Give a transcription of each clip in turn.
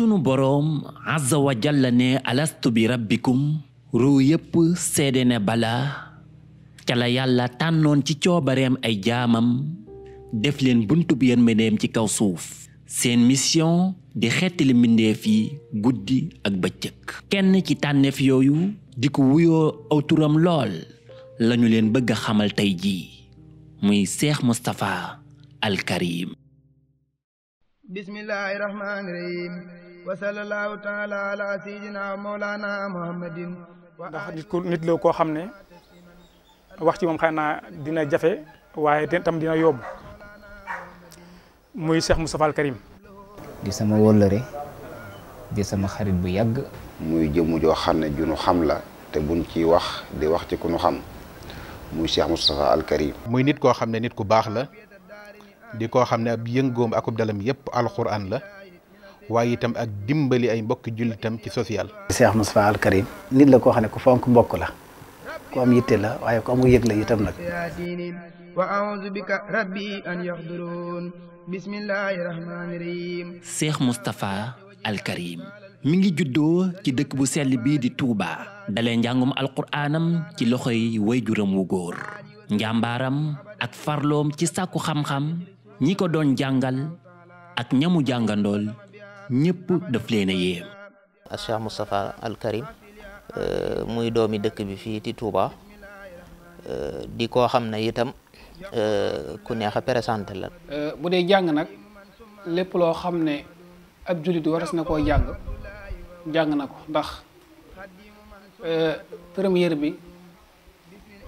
sunu boroom azza wa jalla ne alastu bi rabbikum ruu yépp seede ne bala cala yàlla tànnoon ci coobareem ay jaamam def leen buntu bi yërmandeem ci kaw suuf seen mission di xettali mbindeef yi guddi ak bëccëg kenn ci tànneef yooyu di ko wuyoo aw lool lañu leen bëgg a xamal tey jii muy seex Mustapha al wasala allahu taala ala sayidina mawlana muhammadin ndax nit la koo xam ne wax ci moom xëy dina jafe waaye tam dina yomb muy Cheikh Moustapha Al Karim di sama wóllëre di sama xarit bu yàgg muy jëm joo xam ne junu xam la te buñ ci wax di wax ci ku nu xam muy Cheikh Moustapha Al muy nit koo xam ne nit ku baax la di koo xam ne ab yëngoom akub dalam yépp alxuraan la waaye itam ak dimbali ay mbokki jullitam ci social. Cheikh Moustapha Al nit la koo xam ne ku fonk mbokk la ku am yitte la waaye ku amu yëg la itam nag. wa a'uuzu bika rabbi mi ngi juddoo ci dëkk bu sell bii di tuuba dalee njàngum alquraanam ci loxo loxoy wayjuram wu góor. njàmbaaram ak farloom ci sàkku xam-xam ñi ko doon jàngal ak ñamu jàngandool ñépp daf leen a yéem Cheikh Moustapha euh, muy doomi dëkk bi fii ci Touba euh, di koo xam ne itam euh, ku neex a présenté la bu dee jàng nag lépp loo xam ne ab jullit waras na koo jàng jàng na ko ndax première bi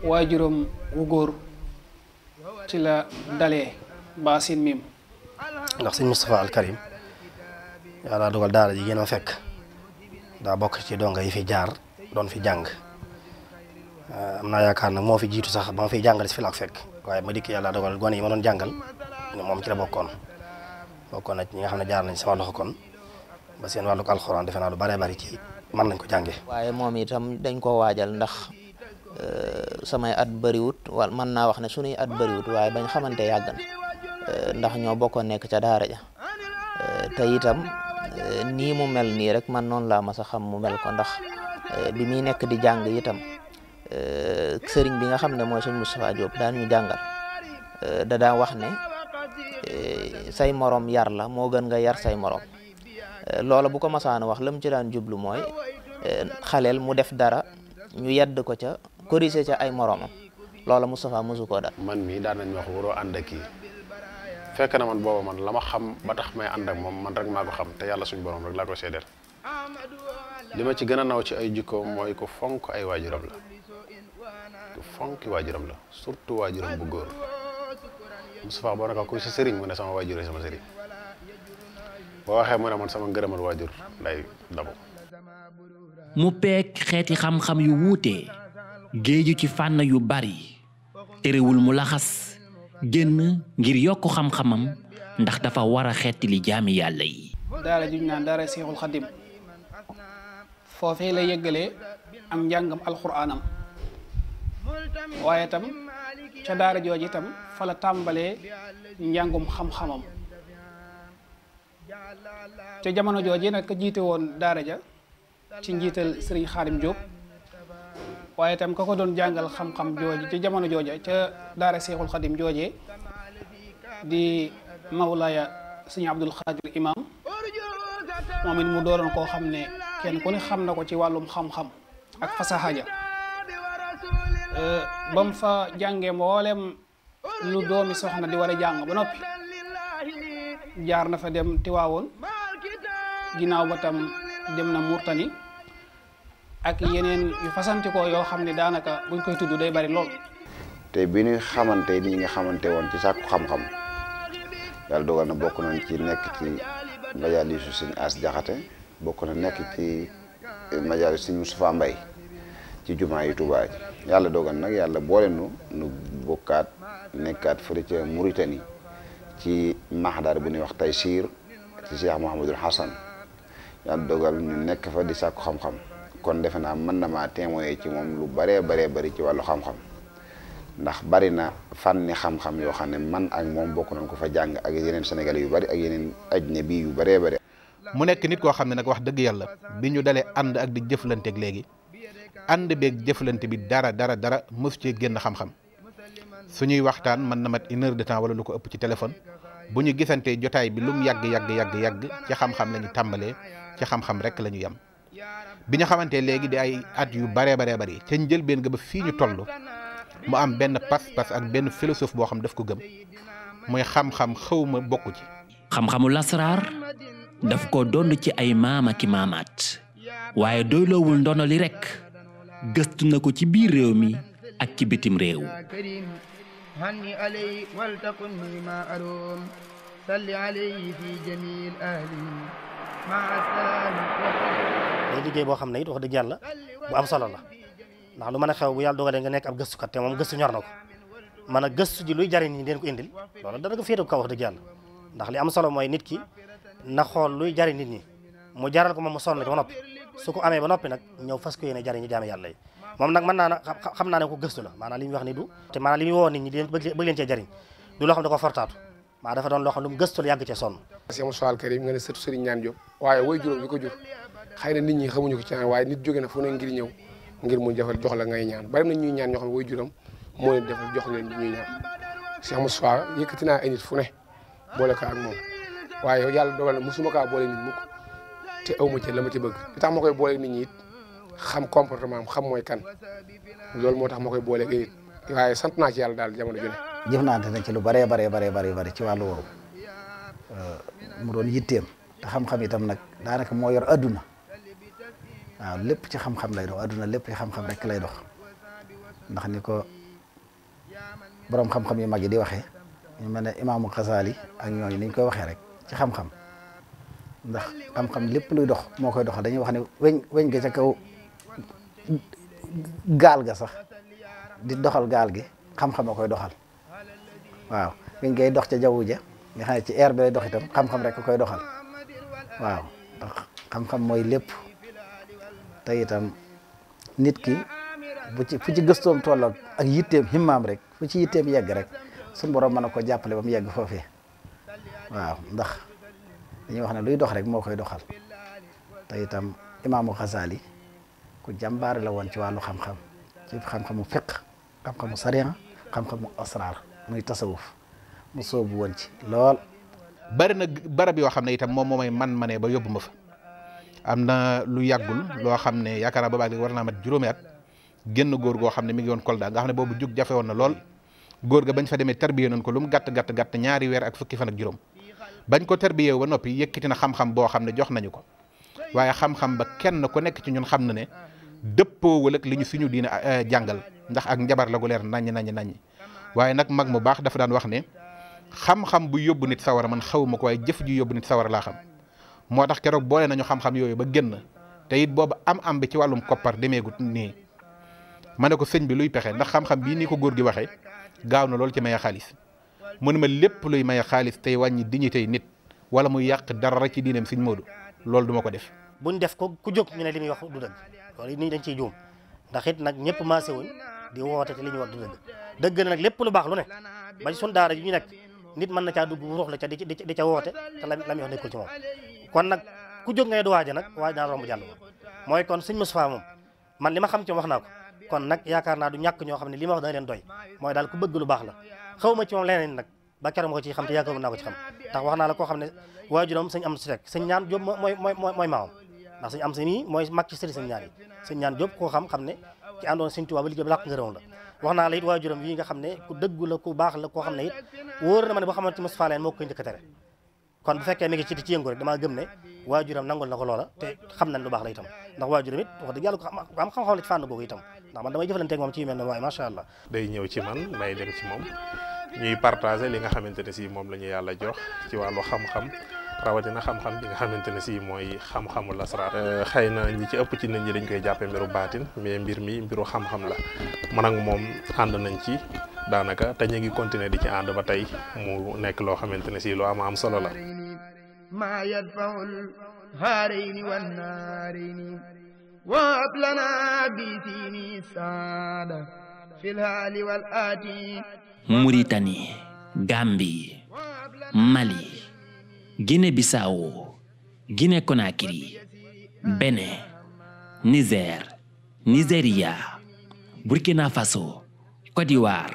waajuram wu góor ci la dalee baasin miim ndax sëñ Moustapha Al yàlla dogal daara ji gën fekk daa bokk ci donga yi fi jaar doon fi jàng ah, am naa yaakaar nag moo fi jiitu sax ba ma fiy jàngal si fi fekk waaye ma dikk yàlla dogal gone yi ma doon jàngal moom ci la bokkoon bokkoon na ñi nga xam ne jaar nañ sama loxo ba seen wàllug alxuraan defe naa lu bare bari ci mën nañ ko jànge waaye moom itam dañ ko waajal ndax eh, samay at bëriwut wal mën naa wax ne suñuy at bëriwut waaye bañ xamante yàgg na eh, ndax ñoo bokkoon nekk ca daara ja eh, te itam Eh, nii mu mel nii rek man noonu laa mas a xam mu mel ko ndax eh, bi muy nekk di jàng itam eh, sëriñ bi nga xam ne mooy sëñ Moustapha Diop daan ñu jàngal da wax ne say morom yar la moo gën nga yar say morom loola bu ko masaana wax lam ci daan jublu mooy xaleel mu def dara ñu yedd ko ca corriger ca ay moromam loola Moustapha mosu koo dal man mii daan nañ wax waroo ànd ak kii fekk na man booba man lama xam ba tax may ànd ak moom man rek maa ko xam te yàlla suñu borom rek laa ko seedeel li ma ci gën a naw ci ay jikko mooy ko fonk ay waajuram la ku waajuram la surtout waajuram bu góor Moustapha boo naka kuy sa sëriñ mu ne sama waajur sama sëriñ boo waxee mu ne man sama ngërëmal waajur nday dabu mu peek xeeti xam-xam yu wuute géeju ci fànn yu bari terewul mu laxas génn ngir yokk xam-xamam ndax dafa war a xeeti li jaami yàlla yi. daara juñ naan daara seexul xadim foofee la yëggalee am njàngam alxuraanam waaye tam ca daara jooju itam fa la tàmbalee njàngum xam-xamam ca jamono jooju nag jiite woon daara ja ci njiital Serigne Xaadim Diop. waaye itam ka ko doon jàngal xam-xam jooje ci jamono jooja ca daara seexul xadim jooje di mawlaaya sëñ Abdul Xaadir Imaam moom it mu dooroon koo xam ne kenn ku ne xam na ko ci wàllum xam-xam ak fasaxaja ba mu fa jàngee mboolem lu doomi soxna di war a jàng ba noppi jaar na fa dem Tiwaawoon ginnaaw ba tam dem na Murtani ak yeneen yu fasantikoo yoo xam ne daanaka buñ koy tudd day bari lool. te bi ñu xamante ni nga xamante woon ci sàkku xam-xam yàlla dogal na bokk nañ ci nekk ci majaalisu sëñ As Jaxate bokk na nekk ci majaalisu sëñ Moustapha Mbay ci jumaa yi Tuubaa yàlla dogal nag yàlla boole nu nu bokkaat nekkaat fële ca Mauritanie ci max maxdar bi nuy wax Taysiir ci Cheikh Mouhamadul Hassan yàlla dogal ñu nekk fa di sàkku xam-xam. kon defe naa mën na maa témoigner ci moom lu bare baree bari ci wàllu xam-xam ndax bari na fànni xam-xam yoo xam ne man ak moom bokk nañ ko fa jàng ak yeneen sénégalais yu bari ak yeneen ajnabi yu baree bari mu nekk nit koo xam ne nag wax dëgg yàlla bi ñu dalee ànd ak di jëflanteeg léegi ànd beeg jëflante bi dara dara dara mës cee génn xam-xam suñuy waxtaan mën na mat une de temps wala lu ko ëpp ci téléphone bu ñu gisantee jotaay bi lum yàgg yàgg yàgg yàgg ci xam-xam tàmbalee ci xam rek la ñu yem bi ñu xamante léegi di ay at yu baree baree bari ca njëlbeen ga ba fii ñu toll mu am benn pas-pas ak benn philosophe boo xam daf ko gëm muy xam-xam xawma bokk ci. xam-xamu lasraar daf ko dond ci ay maama ki maamaat waaye doyloowul ndono li rekk gëstu na ko ci biir réew mi ak ci bitim réew. day liggéey boo xam ne it wax dëgg yàlla bu a xew bu yàlla dogalee nga nekk ab gëstukat te moom gëstu ñor na ko a gëstu ji ko indil loolu dana ko féete kaw wax dëgg yàlla ndax li am solo mooy nit ki na xool luy jariñ nit ñi mu jaral ko moom mu sonn ci ba noppi su ko amee ba noppi nag ñëw fas ko yéene jariñ ñi jaame yàlla yi moom nag mën na xam naa ne ko gëstu la maanaam li muy wax ni du te maanaam li muy woo nit jariñ du loo xam da ko fortaatu maa dafa doon loo xam lu mu gëstu la yàgg cee sonn si waaye way juróom bi ko jur xëy na nit ñi xamuñu ko ci waaye nit jóge na fu ne ngir ñëw ngir mu defal jox la ngay ñaan bari na ñuy ñaan ñoo xam ne way juram moo leen defal jox leen ñuy ñaan Cheikh Moussa yëkkati naa ay nit fu boole ko ak moom waaye yàlla dogal na mosuma kaa boole nit mukk te awma ci la ma ci bëgg li koy boole nit ñi it xam comportement am xam mooy kan loolu moo tax ma koy boole waaye sant naa yàlla daal jamono ju ne jëfnaante na ci lu baree baree baree bëri ci wàllu woowu mu doon te xam-xam itam nag daanaka moo yor adduna waaw lépp ci xam-xam lay dox adduna lépp ci xam-xam rek lay dox ndax ni ko boroom xam-xam yu mag yi di waxee ñu mel ne imaamu Xasaali ak ñooñu ni ñu koy waxee rek ci xam-xam ndax xam-xam lépp luy dox moo koy doxal dañuy wax ne weñ weñ ga ca kaw gaal ga sax di doxal gaal gi xam-xam a koy doxal waaw weñ ngay dox ca jaww ja nga xam ne ci lay dox itam xam-xam rek koy doxal waaw ndax xam-xam mooy te itam nit ki bu ci fu ci gëstoom toll ak yitteem himmaam rek fu ci yitteem yegg rek suñ borom mën a ko jàppale ba mu yegg foofee waaw ndax dañuy wax ne luy dox rek moo koy doxal te itam imaamu Xasaali ku jàmbaare la woon ci wàllu xam-xam ci xam-xamu fiq xam-xamu sariya xam-xamu asraar muy tasawuf mu soobu woon ci lool bari na barab yoo xam ne itam moom moomay man-manee ba yóbbu ma am na lu yàggul loo xam ne yaakaar naa boobaag léegi war naa mat juróomi at génn góor goo xam ne mi ngi woon Kolda nga xam ne boobu jug jafe woon na lool góor ga bañ fa demee tarbiyé nañ ko lu mu gàtt gàtt gàtt ñaari weer ak fukki fan ak juróom bañ ko tarbiyé ba noppi yëkkati na xam-xam boo xam ne jox nañu ko waaye xam-xam ba kenn ku nekk ci ñun xam na ne dëppoo wala li ñu suñu diine euh, jàngal ndax ak njabar la gu leer naññ naññ naññ waaye nag mag mu baax dafa daan wax ne xam-xam bu yóbbu nit sawara man xaw ko waaye jëf ju yóbbu nit sawara laa xam moo tax keroog boole nañu xam-xam yooyu ba gën na it boobu am-am bi ci wàllum koppar demeegut nii ma ne ko sëñ bi luy pexe ndax xam-xam bii ni ko góor gi waxee gaaw na loolu ci may xaalis mu ma lépp luy maye xaalis tey wàññi tey nit wala muy yàq dara ci diineem sëñ Modou loolu du ma ko def. bu buñ def ko ku jóg ñu ne li muy wax du dëgg loolu nii dañ ciy juum ndax nag ñëpp maase wuñ di woote te li ñuy dëgg dëgg na lu baax lu ne ba ci sunu daara ji ñu nekk nit mën na caa dugg ruux la ca di ca te la la muy wax nekkul ci moom kon nag ku jóg ngay du waaji nag waaj daa romb jàll mooy kon sëñ Moustapha moom man li ma xam ci wax naa ko kon nag yaakaar naa du ñàkk ñoo xam ne li wax dana mooy daal ku bëgg lu baax la xaw ma ci moom leneen nag ba keroog ma ko ci xam te yaakaar wax naa la koo xam ne waajuram sëñ am si rek sëñ ñaan Jóob mooy mooy mooy maamam ndax sëñ am si nii mooy mag ci sëriñ koo xam xam ne ci àndoon sëñ Tuubaa ba liggéey bi naa la it waajuram nga xam ne ku dëggu la ku baax la koo xam ne it wóor na ma ne boo xamante Moustapha leen moo koy njëkk kon bu fekkee mi ngi ci di ci yëngu rek damaa gëm ne waajuram nangul na ko loola te xam nañ lu baax la itam ndax waajuram it wax dëgg yàlla ko am xam-xam la ci fànn googu itam ndax man damay jëflanteeg moom ci yu mel ne waaye macha allah. day ñëw ci man may dem ci moom ñuy partager li nga xamante ne si moom la ñu yàlla jox ci wàllu xam-xam rawatina xam-xam bi nga xamante ne si mooy xam-xamu lasraar euh, xëy na ñi ci ëpp ci nit ñi dañ koy jàppee mbiru baatin mais mbir mi mbiru xam-xam la man moom ànd nañ ci daanaka te ñu ngi continuer di ci ànd ba tey mu nekk loo xamante ne si loo am am solo la ma yadfaul haarayni wan naarayni waab lana bi saada fil haali wal aati Mauritanie Gambie Mali Guinée-Bissau Guinée-Conakry Bénin Niger Nigeria Burkina Faso Côte d'Ivoire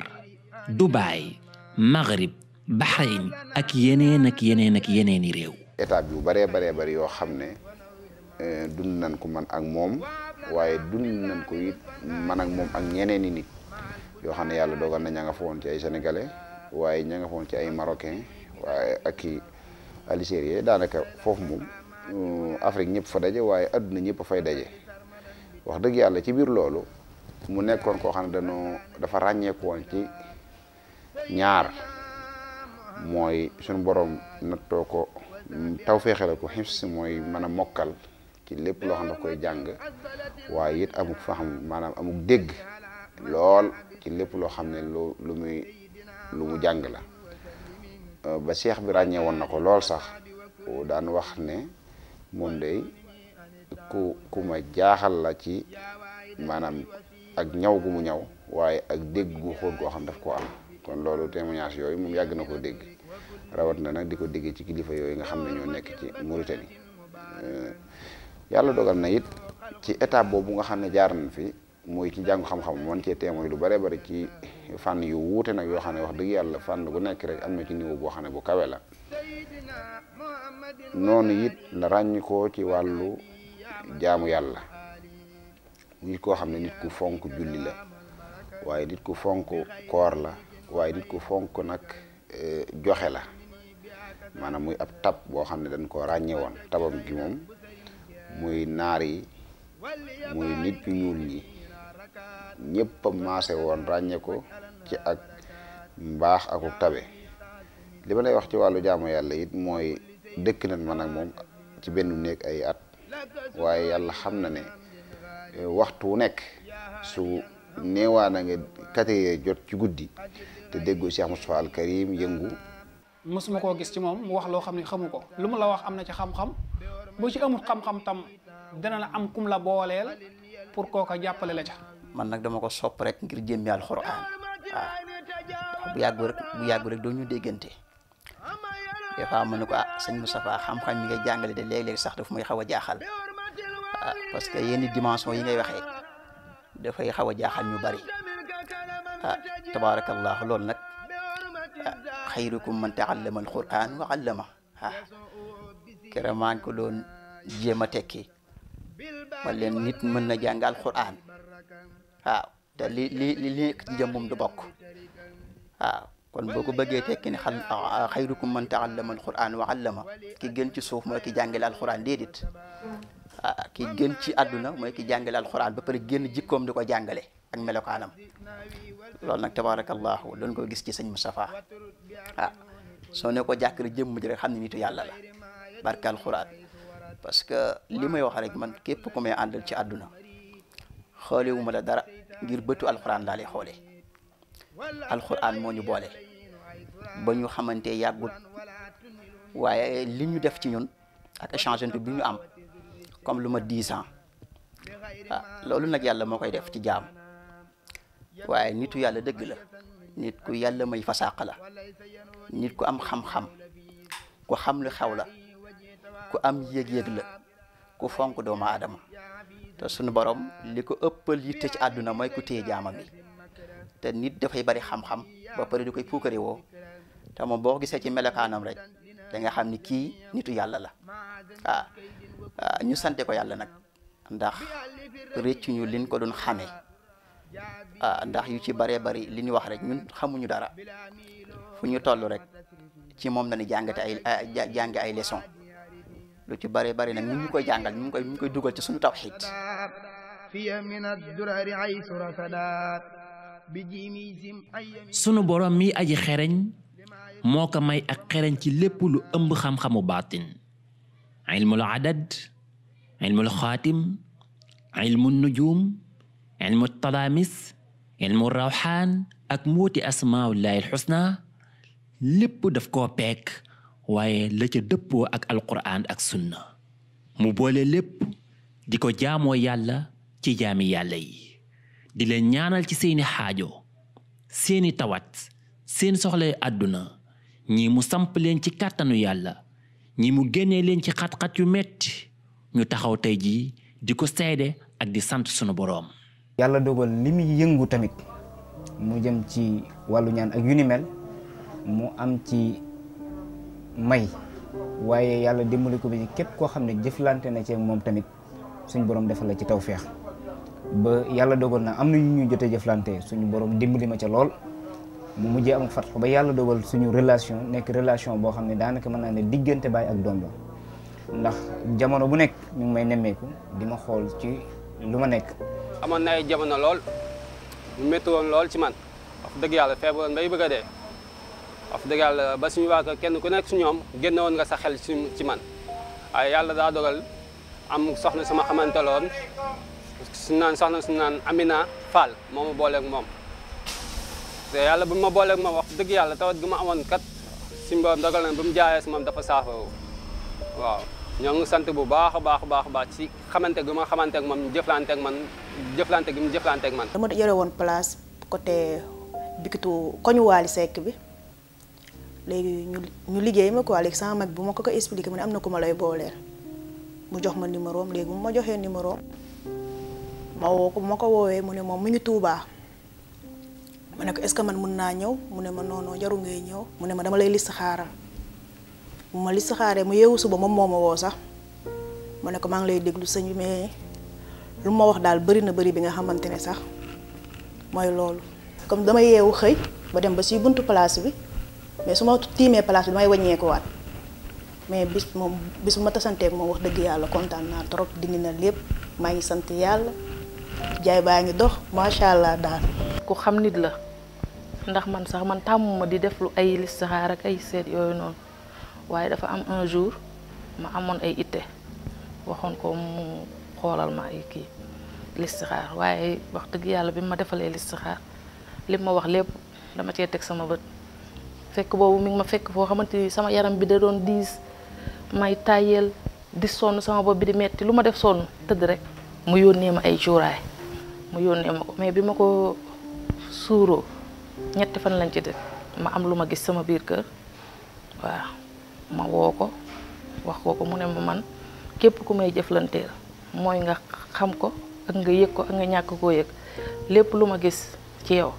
Dubaï Maghrib Bahreïn ak yeneen ak yeneen ak yeneeni réew état yu baree baree bari yoo xam ne euh, dund nan ko man ak moom waaye dund nañ ko it man ak moom ak nit yoo xam ne yàlla dogal na ña nga fa woon ci ay sénégalais waaye ña nga ci ay marocain waaye ak Algérie daanaka foofu moom euh, Afrique ñëpp fa daje waaye adduna ñëpp fay daje wax dëgg yàlla ci biir loolu mu nekkoon koo xam ne dafa ràññeekoon ci ñaar mooy suñu boroom nattoo ko taw feexale ko xims mooy mën a mokkal ci lépp loo xam ne koy jàng waaye it amuk faham maanaam amuk dégg lool ci lépp loo xam ne lu muy lu mu jàng la ba seex bi ràññee woon na ko lool sax daan wax ne moom de ku ku ma jaaxal la ci maanaam ak ñaw gu mu ñaw waaye ak dégg gu xóot goo xam daf ko am kon loolu témoignage yooyu moom yàgg na koo dégg rawat na nag di ko dégg ci kilifa yooyu nga xam ne ñoo nekk ci Mauritanie yàlla dogal na it ci étape boobu nga xam ne jaar nañ fi mooy ci jàngu xam-xam man cee témoin lu bare bari ci fànn yu wuute nag yoo xam ne wax dëgg yàlla fànn bu nekk rek am na xam ne bu kawe la noonu it la ràññ koo ci wàllu jaamu yàlla nit koo xam ne nit ku fonk julli la waaye nit ku fonk koor la waaye nit ku fonk nag eh, joxe la maanaam muy ab tab boo xam ne dañ koo ràññe woon tabam gi moom muy naar yi muy nit ñu ñuul ñi ñëpp a woon ràññee ci ak mbaax akuk tabe li ma lay wax ci wàllu jaamu yàlla it mooy dëkk nañ man ak moom ci benn néeg ay at waaye yàlla xam na ne eh, waxtu wu nekk su neewaa na nga kateyee jot ci guddi te déggu Cheikh Moustapha Al Karim yëngu mosuma koo gis ci moom mu wax loo xam ne xamu ko lu mu la wax am na ci xam-xam bu ci amul xam-xam tam dana la am kum la booleel pour kooka jàppale la ca man nag dama ko sopp rek ngir jëmmi alxuraan waaw bu yàggu rek doo ñu déggante des fois ma ne ko a ah, sëñ Moustapha xam-xam yi ngay jàngale de léeg-léeg sax daf may xaw a jaaxal ah, parce que yenn dimension yi ngay waxee dafay xaw a jaaxal ñu bari ah tabaarakallah loolu nag ah xayrukum man taallama alquran wa allama ah maa ngi ko doon jéem a tekki leen nit mën na jàngal alquran waaw te li li li nekk ci du bokk waaw kon boo ko bëggee tekki ne xam xayrukum man taallama alquran wa allama ki gën ci suuf mooy ki jàngale alquran déedéet ah ki gën ci àdduna mooy ki jàngale alquran ba pare génn jikkoom di ko jàngale ak melokaanam loolu nag tabarakallahu doon ko gis ci sëñ Moustapha ah soo ne ko jàkkari jëmm ji rek xam ne nitu yàlla la barke alquran parce que li may wax rek man képp ku may àndal ci àdduna xoolewuma la dara ngir bëtu alxuraan laa lay xoole alxuraan moo ñu boole ba ñu xamante yàggul waaye li ñu def ci ñun ak échange bi ñu am comme lu ma dix ans ah loolu nag yàlla moo koy def ci jaam waaye nitu yàlla dëgg la nit ku yàlla may fasaaq la nit ku am xam-xam ku xam lu xew la ku am yëg-yëg la ku fonk doomu aadama te suñu borom li ko ëppal yitte ci àdduna mooy ku téye jaama bi te nit dafay bari xam-xam ba pare di koy puukari woo te moom boo gisee ci melokaanam rek da xam ni kii nitu yàlla la waaw ah, ah, ñu sante ko yàlla nag ndax réccu ñu liñ ko doon xamee ah ndax yu ci baree bari li ñu wax rek ñun xamuñu dara fu ñu toll rek ci moom la ñu jàngate ay jànge ay leçon lu ci bëree bëri nag ñu ngi koy jàngal ñu ngi koy ñu ngi koy dugal ci suñu tawxiid sunu borom mi aji xereñ moo ko may ak xereñ ci lépp lu ëmb xam-xamu baatin ilmul adad ilmul xaatim ilmu nujum ilmu talaamis ilmu rawxaan ak mbooti asmaaullaahi alxusna lépp daf koo peek waaye la ca dëppoo ak alquran ak sunna mu boole lépp di ko jaamoo yàlla ci jaami yàlla yi di leen ñaanal ci seeni xaajo seeni tawat seen soxlay àdduna ñi mu samp leen ci kàttanu yàlla ñi mu génnee leen ci xat-xat yu metti ñu taxaw tey jii di ko seede ak di sant sunu boroom yàlla dogal li yëngu tamit mu jëm ci wàllu ñaan ak yu ni mel mu am ci may waaye yàlla dimbali ko bi képp koo xam ne jëflante na ci moom tamit suñu boroom defal la ci tawféex ba yàlla dogal na am na ñu ñuy jotee jëflante suñu boroom dimbali ma ca lool mu mujjee am fat ba yàlla dogal suñu relation nekk relation boo xam ne daanaka mën naa ne diggante baay ak doom la ndax jamono bu nekk ñu ngi may nemmeeku di ma xool ci lu ma nekk. amoon na jamono lool mu métti woon lool ci man dëgg yàlla feebaroon bay bëgg wax dëgg yàlla ba suñu waaka kenn ku nekk su ñoom génne woon nga sa xel ci man waaye yàlla daa dogal am soxna sama xamante loon su naan soxna su naan Amina Fall moom ma booleek moom. te yàlla bu ma booleeg moom wax dëgg yàlla tawat du ma amoon kat suñu borom dogal na bu mu jaayee sa moom dafa saafara waaw ñoo ngi sant bu baax a baax baax baax ci xamante gi ma xamante ak moom jëflante man jëflante gi mu jëflante ak man. dama yore woon place côté bikitu koñu Waly bi. léegi ñu ñu liggéey ma quoi léegi mag bu ma ko ko expliqué ma ne am na ko ma lay booleel mu jox ma numéro am léegi bu ma joxee numéro ma woo ko bu ma ko woowee mu ne moom mu ngi Touba ma ne ko est-ce que man mun naa ñëw mu ne ma non non jarul ngay ñëw mu ne ma dama lay liste xaaral mu ma liste xaaree mu yeewu suba moom moo ma woo sax ma ne ko maa ngi lay déglu sëñ bi mais lu ma wax daal bëri na bëri bi nga xamante ne sax mooy loolu comme dama yeewu xëy ba dem ba si buntu place bi. mais su ma tiimee place bi damay wàññeekuwaat mais bis moom bis bu ma tasanteeg moom wax dëgg yàlla kontaan naa trop dindi na lépp maa ngi sant yàlla jaay baa ngi dox macha allah daal. ku xam nit la ndax man sax man tàmmuma di def lu ay listixaar ak ay seet yooyu noonu waaye dafa am un jour ma amoon ay itte waxoon ko mu xoolal ma ay kii listixaar waaye wax dëgg yàlla bi ma defalee listixaar li ma wax lépp dama cee teg sama bët. fekk boobu mi ngi ma fekk foo xamante ni sama yaram bi da doon diis may tàyyeel di sonn sama bopp bi di metti lu ma def sonn tëdd rek mu yónnee ma ay cuuraay mu yónnee ma ko mais bi ma ko suuroo ñetti fan lañ ci def ma am lu ma gis sama biir kër waa ma woo ko wax koo ko mu ne ma man képp ku may jëflanteel mooy nga xam ko ak nga yëg ko ak nga ñàkk koo yëg lépp lu ma gis ci yow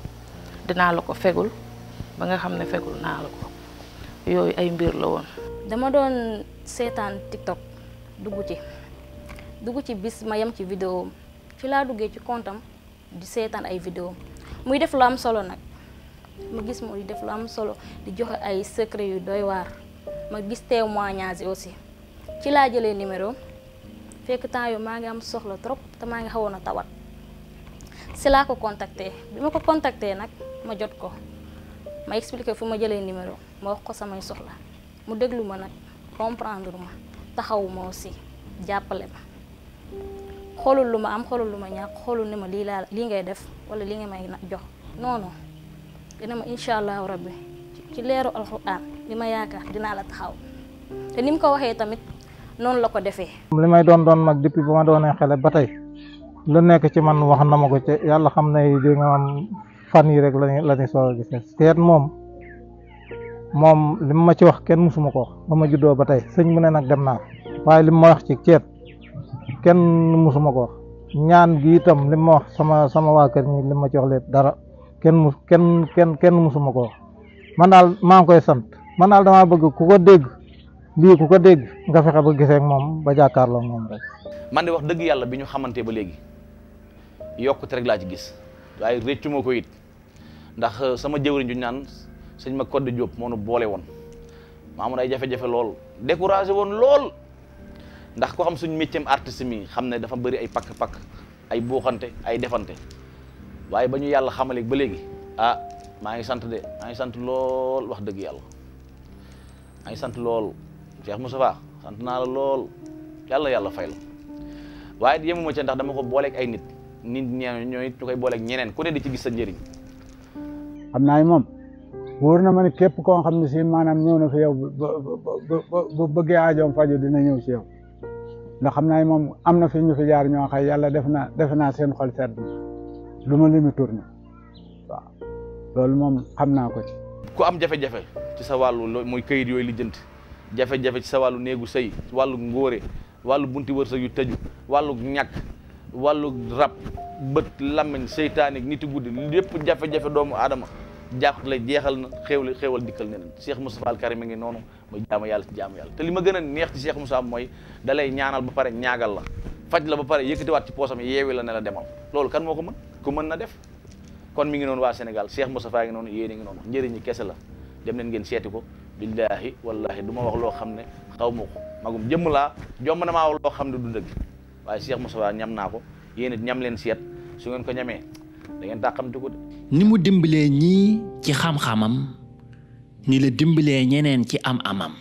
dinaa la ko fegul ba nga xam ne fegul naa la ko yooyu ay mbir la woon. dama doon seetaan TikTok dugg ci dugg ci bis ma yem ci vidéo ci laa duggee ci kontam di seetaan ay vidéo muy def lu am solo nag ma gis mu def lu am solo di joxe ay secret yu doy waar ma gis mois témoignage aussi ci laa jëlee numéro fekk temps yu maa ngi am soxla trop te maa ngi xawoon a tawat si laa ko contacté bi ma ko contacté nag ma jot ko. ma expliqué fu ma jëlee numéro ma wax ko samay soxla mu déglu ma nag comprendre ma taxawuma ma aussi jàppale ma xoolul lu ma am xoolul lu ma ñàkk xoolul ne ma lii laa lii ngay def wala lii nga may jox non dina ma incha allahu rabbi ci leeru alxuraan li ma yaakaar dinaa la taxaw te ni mu ko waxee tamit noonu la ko defee. li may doon doon mag depuis ba ma doonee xale ba tey lu nekk ci man wax na ma ko ci yàlla xam ne di nga am fan yi rek lañu la ñuy soog a seet moom moom li ma ci wax kenn musuma ko wax ba ma juddoo ba tey sëñ mu ne nag dem naa waaye li ma wax ci ceet kenn musuma ko wax ñaan gi itam li ma wax sama sama waa kër ñi li ma ci wax lépp dara kenn mus kenn kenn kenn musuma ko man daal maa ngi koy sant man naal damaa bëgg ku ko dégg lii ku ko dégg nga fexe ba giseek moom ba jàkkaarloo moom rek. man de wax dëgg yàlla bi ñu xamante ba léegi yokkute rek laa ci gis waaye rëccu ma ko ndax euh, sama jëwriñ ju naan sëñ ma code Diop moo nu boole woon ma amoon ay jafe-jafe lool découragé woon lool ndax ko xam suñ métier artiste mi xam ne dafa bari ay pakk-pakk ay buuxante ay defante waaye ba ñu yàlla xamale ba léegi ah maa ngi sant de maa ngi sant lool wax dëgg yàlla maa ngi sant lool seex sa Moustapha sant naa la lool yàlla yàlla fay la waaye yemuma ci ndax dama ko booleeg ay nit nit ñee ñooy ñu koy booleeg ñeneen ku ne di ci gis sa njëriñ xam naa moom wóor na ma ne képp koo xam ne si maanaam ñëw na fi yow bu bëggee aajoom faju dina ñëw si yow ndax xam naa moom am na fi ñu fi jaar ñoo xay yàlla def na def naa seen xol sedd lu ma limi tourné waaw loolu moom xam naa ko ci. ku am jafe-jafe ci sa wàllu loo mooy këyit yooyu lijjanti jafe-jafe ci sa wàllu néegu sëy wàllu ngóore wàllu bunti wërsëg yu tëju wàllu ñàkk wàllu rab bët làmmiñ seytaanik niti guddi lépp jafe-jafe doomu aadama jàkkut la jeexal na xéewal xéewal dikkal ne leen Cheikh Moustapha Al Karim ngi noonu mooy jaamu yàlla ci yàlla te li ma gën a neex ci Cheikh Moustapha mooy da lay ñaanal ba pare ñaagal la faj la ba pare yëkkatiwaat ci poosam yeewi la ne la demal loolu kan moo ko mën ku mën na def kon mi ngi noonu waa Sénégal Cheikh Moustapha ngi noonu yéen a ngi noonu njëriñi kese la dem leen ngeen seeti ko billaahi wallaahi du ma wax loo xam ne xaw ma ko magum jëmm laa jomb na maa wax loo xam ne du dëgg waaye Cheikh Moussa ñam naa ko yéen it ñam leen seet su ngeen ko ñamee da ngeen tàqamti ko ni mu dimbalee ñii ci xam-xamam ni la dimbalee ñeneen ci am-amam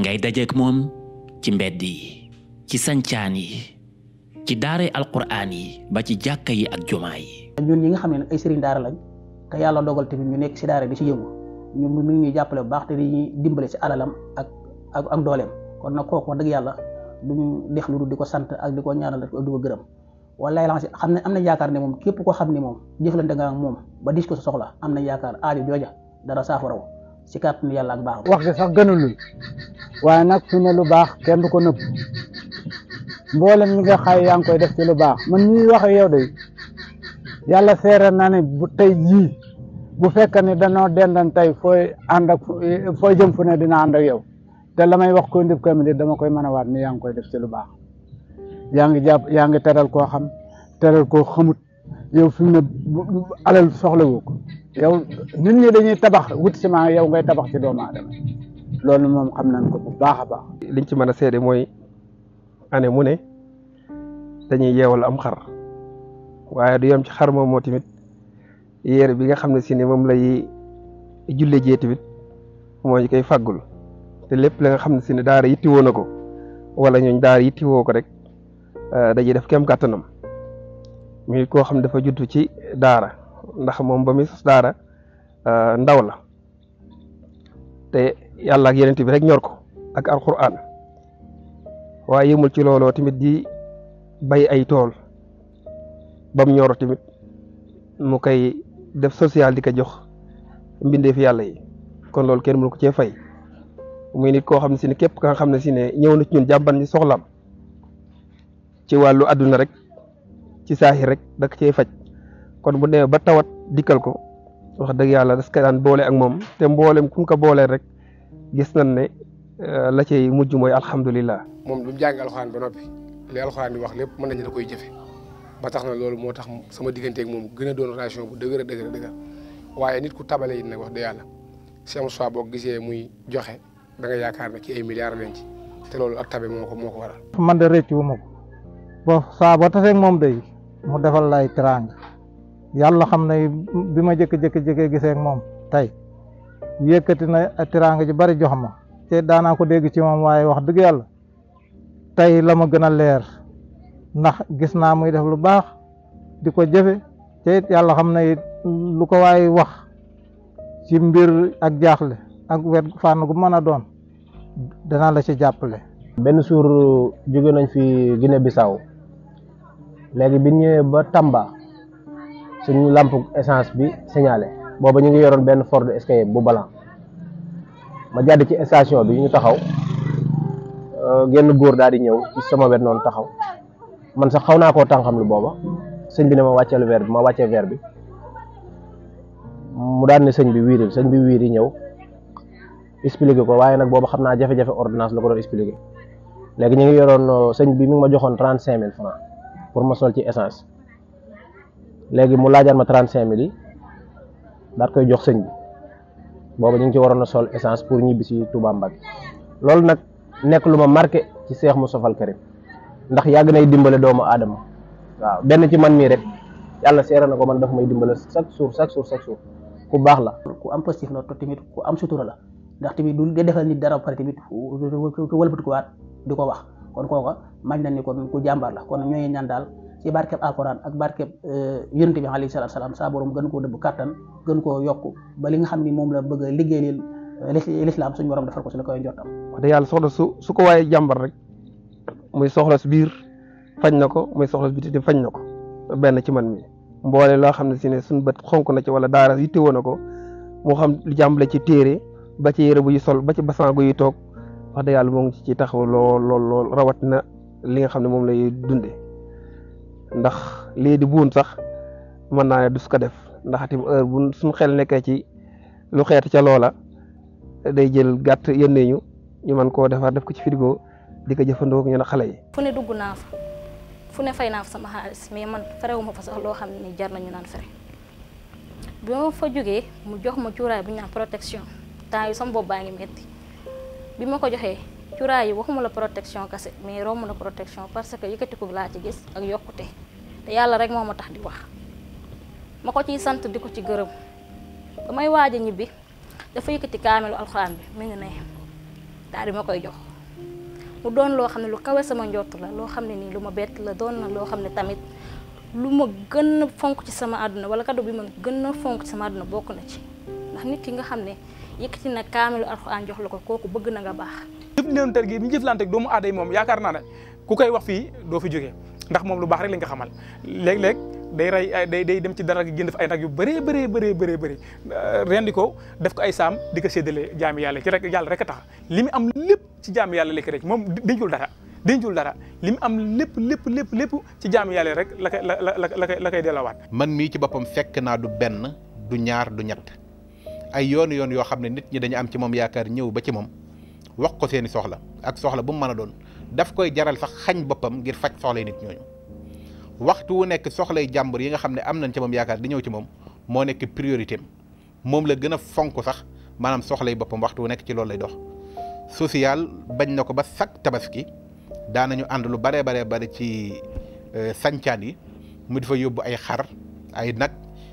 ngay dajeek moom ci mbedd yi ci sancaan yi ci daaray alquraan yi ba ci jàkka yi ak jumaa yi ñun ñi nga xam ne nag ay sëriñ daara lañ te yàlla dogal tamit ñu nekk ci daare di ci yëngu ñun mi ngi ñuy jàppale bu baax te dañuy dimbale si alalam ak ak ak dooleem kon nag kooku wax dëgg yàlla duñu dex lu di ko sant ak di ko ñaanal ak di ko gërëm walaay la xam ne am nañ yaakaar ne moom képp koo xam ne moom jëflante nga ak moom ba dis ko soxla am na yaakaar aajo jooja dara saafara wo si kàttanu yàlla ak baaxam wax gi sax gënalul waaye nag fi ne lu baax kenn du ko nëbb mboolem ñi nga xay yaa ngi koy def ci lu baax man ñuy wax yow de yàlla seere naa ne bu tey jii bu fekkee ne danoo dendan tey foo ànd ak fooy jëm fu ne dina ànd ak yow te la may wax ko ndëf kamil dama koy mën a waat ni yaa ngi koy def ci lu baax yaa ngi jàpp yaa ngi teral koo xam teral ko xamut yow fi mu ne alal soxla woo ko yow nit ñi dañuy tabax wut ciment yow ngay tabax ci doomu aadama loolu moom xam nañ ko bu baax a baax. liñ ci mën a seede mooy année mu ne dañuy yeewal am xar waaye du yem ci xar moom moo tamit yére bi nga xam ne si moom lay julle jee tamit moo ñu koy fàggul te lépp la nga xam ne si ne daara yittewoo na ko wala ñooñ daara yittewoo ko rek euh, dañuy def kem kàttanam muy koo xam dafa juddu ci daara ndax moom ba muy sos daara euh, ndaw la te yàlla ak yenent bi rek ñor ko ak alquran waaye yëmul ci looloo tamit di bay ay tool bam ñoro tamit mu koy def social di ko jox mbindeef yàlla yi kon loolu kenn mënu ko cee fay muy nit koo xam ne si ne képp ka xam ne si ne ñëw na ci ñun jàmban ñu soxlaam ci wàllu àdduna rek ci saaxi rek dak cey faj kon bu ne ba tawat dikkal ko wax dëgg yàlla das ka daan boole ak moom te mbooleem kun ko booleel rek gis nañ ne euh, la ciy mujj mooy alhamdulilah. moom du jàng alxuraan ba noppi li alxuraan di wax lépp mën nañu da koy jëfe ba tax na loolu moo tax sama digganteeg moom gën a doon ration bu dëgër a dëgër waaye nit ku tabale yi nag wax dëgg yàlla si am boo gisee muy joxe. da nga yaakaar ne ci ay milliards lañ ci te loolu ak tabe moo moo waral. man de rëccu ma ko bo saa ba moom day mu defal lay teraanga yàlla xam ne bi ma jékki-jékki-jékkee gisee ak moom tey yëkkati na teraanga ji bari jox ma te daanaa ko dégg ci moom waaye wax dëgg yàlla tey la ma gën a leer ndax gis naa muy def lu baax di ko jëfe te it yàlla xam ne lu ko waaye wax ci mbir ak jaaxle ak wet fànn gu mën a doon danaa la ci jàppale. benn suur jóge nañ fi Guinée Bissau léegi bi ñëwee ba Tamba suñu lampe essance bi signalé booba ñu ngi yoroon benn Ford Escape bu balan ma jàdd ci estation bi ñu taxaw euh, genn góor daal di ñëw ci sama wet noonu taxaw man sax xaw naa koo tànqam lu booba sëñ bi ne ma wàcceel weer bi ma wàccee verre bi mu daan ne sëñ bi wiiril sëñ bi wiiri ñëw. expliqué ko waaye nag boobu xam naa jafe-jafe ordonnance la ko doon expliqué léegi ñu ngi yoroon euh, sañ bi mi ngi ma joxoon trente cinq mille francs pour ma sol ci essence léegi mu laajaan ma trente cinq mille yi daat koy jox sëñ bi boobu ñu ngi ci waroon a sol essence pour ñibbi si Touba Mbacké loolu nag nekk lu ma marqué ci Cheikh Moustapha Karim ndax yàgg nay dimbale doomu aadama waaw benn ci man mii rek yàlla seere na ko man daf may dimbale chaque jour chaque jour chaque jour ku baax la ku am positif la te tamit ku am sutura la ndax tamit du nga defal nit dara pare tamit wëlbati ko waat di ko wax kon kooka mañ na ni kon ku jàmbaar la kon ñooy ñaan daal ci barkeb alquran ak barkeb euh, yonent bi alayhi salaatu salaam saa borom gën koo dëbb kattan gën koo yokk ba li nga xam ni moom la bëgg a liggéeyal euh, lislaam suñu borom defal ko si la koy njortam wax dëgg yàlla soxla su su ko waaye jàmbar rek muy soxla si biir fañ na ko muy soxla si biti fañ na ko benn ci man mi mboole loo xam ne si ne suñu bët xonk na ci wala daara woo na ko moo xam lu jàmbale ci téere ba ci yére bu yu sol ba ci basangu yu toog wax dëgg yàlla moo ngi ci taxaw lool lool rawat na li nga xam ne moom lay dunde ndax lii di buun sax mën naa ne du su ko def ndax itam heure bu suñu xel nekkee ci lu xeet ca loola day jël gàtt yónnee ñu ñu mën koo defar def ko ci frigo di ko jëfandikoo ak ñu xale yi. fu ne dugg naa fa fu ne fay naa fa sama xaalis mais man ferewuma fa sax loo xam ne jar nañu naan fere bi ma fa jógee mu jox ma cuuraay bu ñu naan temps yi sama bopp baa ngi metti bi ma ko joxee cuuraay yi waxuma la protection kase mais romb na protection parce que yëkkatiku laa ci gis ak yokkute te yàlla rek moo ma tax di wax ma ko ciy sant di ko ci gërëm ba may waaj a ñibbi dafa yëkkati kaamelu alxuraan bi mi ngi ne daal di ma koy jox mu doon loo xam ne lu kawe sama njott la loo xam ne nii lu ma bett la doon na loo xam ne tamit lu ma gën a fonk ci sama àdduna walla kàddu bi ma gën a fonk ci bokk na ci ndax nit ki nga xam ne yëkkati na kaamilu alxuraan jox la ko kooku bëgg na nga baax. jëflante gi ñu jëflante ak doomu aada yi moom yaakaar naa ne ku koy wax fii doo fi jógee ndax moom lu baax rek lañ ko xamal day rey day day dem ci dara gi génn def ay nag yu bëree bëree bëree bëree bëri euh, rendi ko def ko ay saam di ko séddale jaami yàlla ci rek yàlla rek tax li mu am lépp ci jaami yàlla lekk rek moom dencul dara dencul dara li mu am lépp lépp lépp lépp ci jaami yàlla rek la koy la la la koy la koy delawaat. man mii ci boppam fekk naa du benn du ñaar du ñett. ay yoonu yoon yoo xam ne nit ñi dañu am ci moom yaakaar ñëw ba ci moom wax ko seeni soxla ak soxla bu mu mën a doon daf koy jaral sax xañ boppam ngir faj soxlay nit ñooñu waxtu wu nekk soxlay jàmbur yi nga xam ne am nañ ci moom yaakaar di ñëw ci moom moo nekk priorité moom la gën a fonk sax maanaam soxlay boppam waxtu wu nekk ci lool lay dox social bañ na ko ba sag tabaski daanañu ànd lu baree baree bari ci euh, sancaan yi mu di fa yóbbu ay xar ay nag